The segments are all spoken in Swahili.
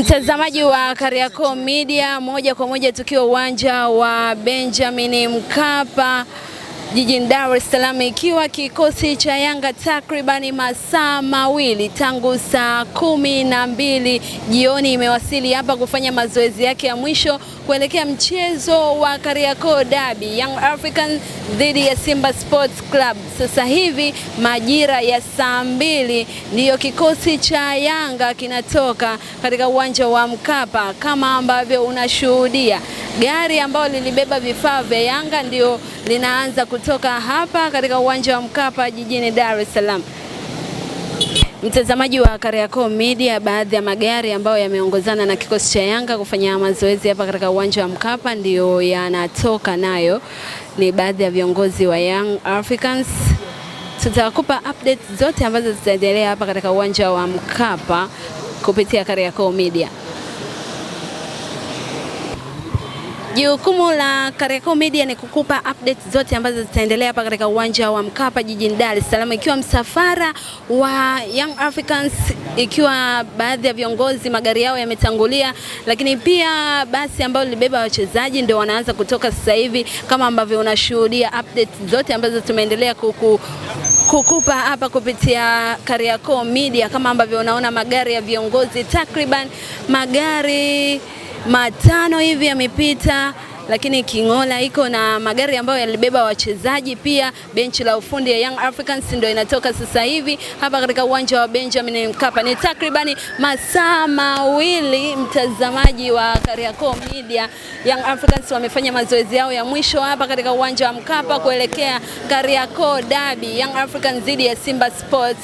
Mtazamaji wa Kariakoo Media, moja kwa moja tukiwa uwanja wa Benjamin Mkapa jijini Dar es Salaam, ikiwa kikosi cha Yanga takribani masaa mawili tangu saa kumi na mbili jioni imewasili hapa kufanya mazoezi yake ya mwisho kuelekea mchezo wa Kariakoo Derby Young African dhidi ya Simba Sports Club. Sasa hivi majira ya saa mbili ndiyo kikosi cha Yanga kinatoka katika uwanja wa Mkapa kama ambavyo unashuhudia. Gari ambalo lilibeba vifaa vya Yanga ndio linaanza kutoka hapa katika uwanja wa Mkapa jijini Dar es Salaam. Mtazamaji wa Kariakoo Media, baadhi ya magari ambayo yameongozana na kikosi cha Yanga kufanya mazoezi hapa katika uwanja wa Mkapa ndiyo yanatoka nayo, ni baadhi ya viongozi wa Young Africans. Tutakupa update zote ambazo zitaendelea hapa katika uwanja wa Mkapa kupitia Kariakoo Media. Jukumu la Kariakoo Media ni kukupa update zote ambazo zitaendelea hapa katika uwanja wa Mkapa jijini Dar es Salaam, ikiwa msafara wa Young Africans, ikiwa baadhi ya viongozi magari yao yametangulia, lakini pia basi ambayo libeba wachezaji ndio wanaanza kutoka sasa hivi, kama ambavyo unashuhudia update zote ambazo tumeendelea kuku kukupa hapa kupitia Kariakoo Media, kama ambavyo unaona magari ya viongozi takriban magari matano hivi yamepita lakini King'ola iko na magari ambayo yalibeba wachezaji pia. Benchi la ufundi ya Young Africans ndio inatoka sasa hivi hapa katika uwanja wa Benjamin Mkapa. Ni takribani masaa mawili, mtazamaji wa Kariakoo Media, Young Africans wamefanya mazoezi yao ya mwisho hapa katika uwanja wa Mkapa kuelekea Kariakoo Derby, Young Africans dhidi ya Simba Sports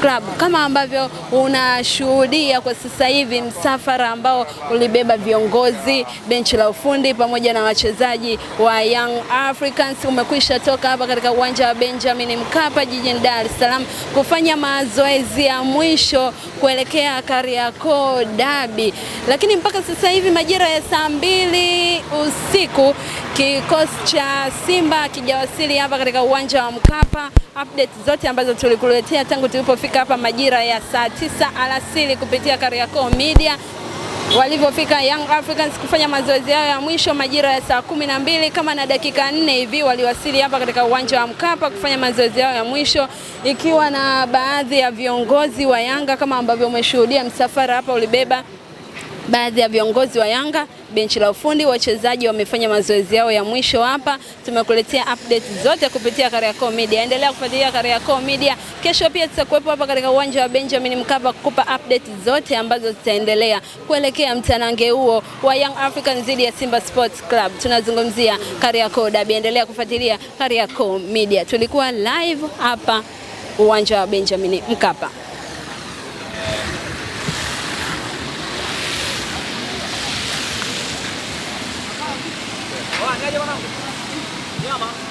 Club, kama ambavyo unashuhudia kwa sasa hivi msafara ambao ulibeba viongozi, benchi la ufundi pamoja na na wachezaji wa Young Africans umekwisha toka hapa katika uwanja wa Benjamin Mkapa jijini Dar es Salaam kufanya mazoezi ya mwisho kuelekea Kariakoo Dabi, lakini mpaka sasa hivi majira ya saa mbili usiku kikosi cha Simba kijawasili hapa katika uwanja wa Mkapa. Update zote ambazo tulikuletea tangu tulipofika hapa majira ya saa tisa alasiri kupitia Kariakoo Media Walivyofika Young Africans kufanya mazoezi yao ya mwisho majira ya saa kumi na mbili kama na dakika nne hivi waliwasili hapa katika uwanja wa Mkapa kufanya mazoezi yao ya mwisho, ikiwa na baadhi ya viongozi wa Yanga kama ambavyo umeshuhudia, msafara hapa ulibeba baadhi ya viongozi wa Yanga, benchi la ufundi, wachezaji wamefanya mazoezi yao ya mwisho hapa. Tumekuletea update zote kupitia Kariakoo Media. Endelea kufuatilia Kariakoo Media. Kesho pia tutakuwepo hapa katika uwanja wa Benjamin Mkapa kukupa update zote ambazo zitaendelea kuelekea mtanange huo wa Young Africans dhidi ya Simba Sports Club. Tunazungumzia Kariakoo Derby. Endelea kufuatilia Kariakoo Media. Tulikuwa live hapa uwanja wa Benjamin Mkapa. 你好吗？